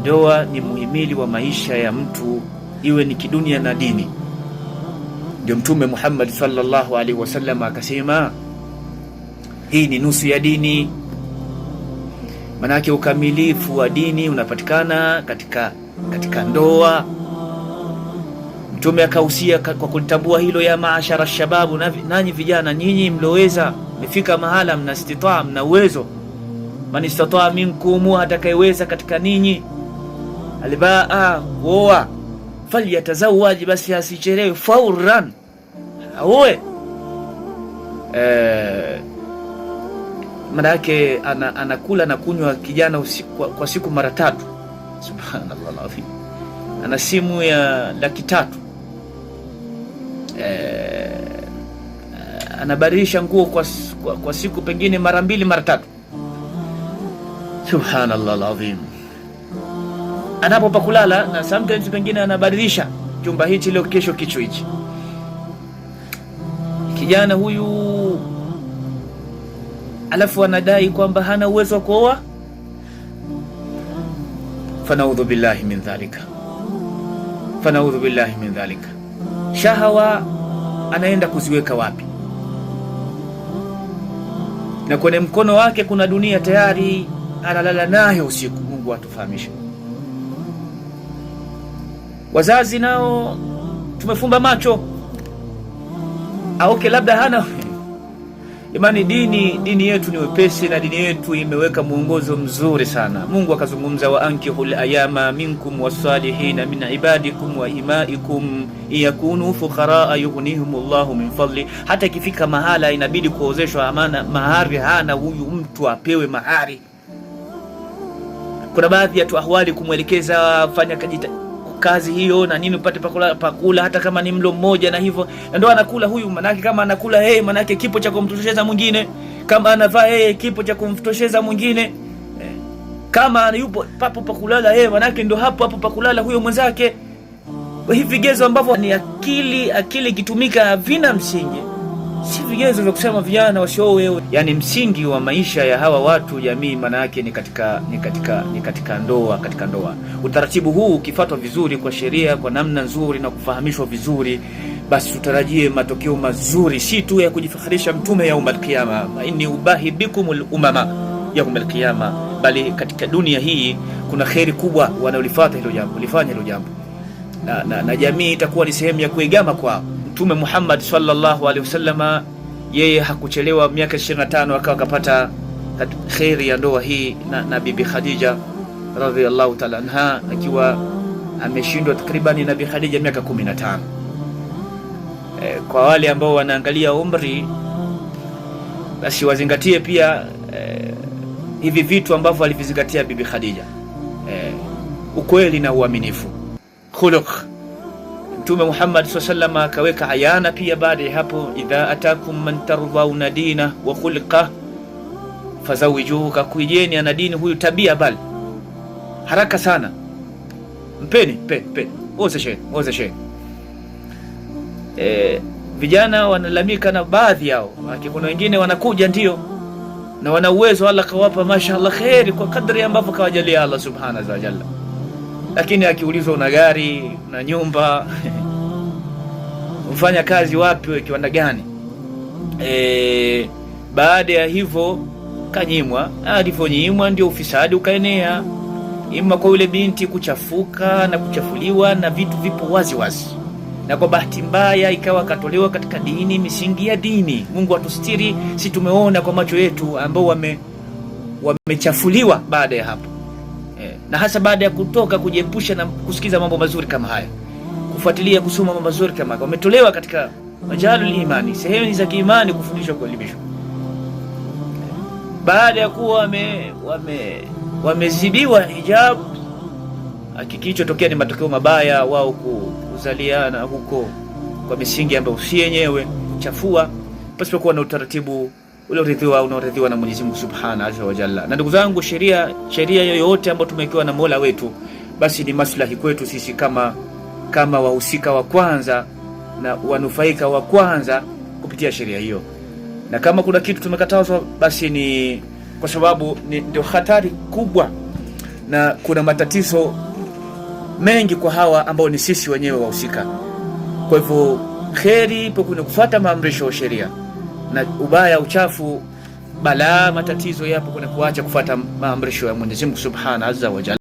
Ndoa ni muhimili wa maisha ya mtu, iwe ni kidunia na dini. Ndio Mtume Muhammad sallallahu alaihi wasallam akasema hii ni nusu ya dini. Manake ukamilifu wa dini unapatikana katika, katika ndoa. Mtume akahusia kwa kulitambua hilo, ya maashara shababu, nanyi vijana, nyinyi mloweza mefika mahala mna mna uwezo, man istataa minkum, atakayeweza katika ninyi albaa kuoa, ah, falyatazawaji, basi asichelewe, fauran aoe. E, ana, anakula na kunywa kijana usiku, kwa, kwa siku mara tatu. Subhanallah ana simu ya laki tatu eh, anabadilisha nguo kwa, kwa, kwa siku pengine mara mbili mara tatu. Subhanallah alazim anapo pa kulala, na sometimes pengine anabadilisha chumba hichi leo, kesho kicho hichi. Kijana huyu alafu anadai kwamba hana uwezo wa kuoa, fanaudhu billahi min dhalika, fanaudhu billahi min dhalika. Shahawa anaenda kuziweka wapi? Na kwenye mkono wake kuna dunia tayari analala nayo usiku. Mungu atufahamishe. Wazazi nao tumefumba macho. Aoke labda hana imani dini dini yetu ni wepesi na dini yetu imeweka mwongozo mzuri sana. Mungu akazungumza, wa ankihul ayama minkum wasalihina min ibadikum wa imaikum fukharaa yughnihim llahu min fadli. Hata ikifika mahala inabidi kuozeshwa amana, mahari hana huyu mtu apewe mahari. Kuna baadhi ya tuahwali kumwelekeza fanya kajita kazi hiyo na nini, upate pakula, pakula hata kama ni mlo mmoja na hivyo, ndo anakula huyu, manake kama anakula yeye, manake kipo cha kumtosheza mwingine, kama anavaa yeye, kipo cha kumtosheza mwingine, eh, kama yupo papo pakulala yeye, manake ndo hapo hapo pakulala huyo mwenzake. Hivi vigezo ambavyo ni akili akili ikitumika vina msingi si vigezo vya kusema vijana wasioe. Yani msingi wa maisha ya hawa watu jamii, maana yake ni katika ni katika ni katika ndoa, katika ndoa. Utaratibu huu ukifuatwa vizuri kwa sheria, kwa namna nzuri na kufahamishwa vizuri, basi tutarajie matokeo mazuri, si tu ya kujifakhirisha Mtume ya yaumal kiyama, inni ubahi bikumul umama ya yaumal kiyama, bali katika dunia hii kuna kheri kubwa wanaolifuata hilo jambo, lifanya hilo jambo na, na, na jamii itakuwa ni sehemu ya kuigama kwao. Mtume Muhammad sallallahu alaihi wasallama yeye hakuchelewa miaka 25 akawa akapata kheri ya ndoa hii na, na Bibi Khadija radhiallahu taala anha akiwa ameshindwa takribani na Bibi Khadija miaka 15. E, kwa wale ambao wanaangalia umri basi wazingatie pia e, hivi vitu ambavyo alivizingatia Bibi Khadija e, ukweli na uaminifu khuluq Mtume Muhammad sallallahu alaihi akaweka ayana pia baada ya hapo, idha atakum man tardhauna dina wa khulqa fazawijuhu, kakujeni ana dini huyu tabia, bali haraka sana mpeni, mpeni, mpeni, ozesheni, ozesheni. E, vijana wanalalamika na baadhi yao, kuna wengine wanakuja ndio na wana uwezo, Allah kawapa mashaallah kheri kwa kadri ambavyo kawajalia Allah subhanahu wa ta'ala, lakini akiulizwa una gari na nyumba mfanya kazi wapi, kiwanda gani? E, baada ya hivyo kanyimwa. Alivyonyimwa ndio ufisadi ukaenea, ima kwa yule binti kuchafuka na kuchafuliwa na vitu vipo waziwazi wazi. Na kwa bahati mbaya ikawa akatolewa katika dini, misingi ya dini. Mungu atustiri, si tumeona kwa macho yetu ambao wame wamechafuliwa baada ya hapo e, na hasa baada ya kutoka kujiepusha na kusikiza mambo mazuri kama haya kufuatilia kusoma mambo mazuri kama haya. Wametolewa katika majalul imani, sehemu za kiimani kufundishwa, kuelimishwa, baada ya kuwa wame wame wamezibiwa hijab hijabu. Kilichotokea ni matokeo mabaya, wao kuzaliana huko kwa misingi ambayo si yenyewe, chafua pasipokuwa na utaratibu ulioridhiwa unaoridhiwa na Mwenyezi Mungu Subhanahu wa Jalla. Na ndugu zangu, sheria sheria yoyote ambayo tumewekewa na Mola wetu basi ni maslahi kwetu sisi kama kama wahusika wa kwanza na wanufaika wa kwanza kupitia sheria hiyo, na kama kuna kitu tumekatazwa, basi ni kwa sababu ndio hatari kubwa, na kuna matatizo mengi kwa hawa ambao ni sisi wenyewe wahusika. Kwa hivyo kheri ipo kwenye kufuata maamrisho ya sheria, na ubaya, uchafu, balaa, matatizo yapo kwenye kuacha kufuata maamrisho ya Mwenyezi Mungu Subhana azza wa Jalla.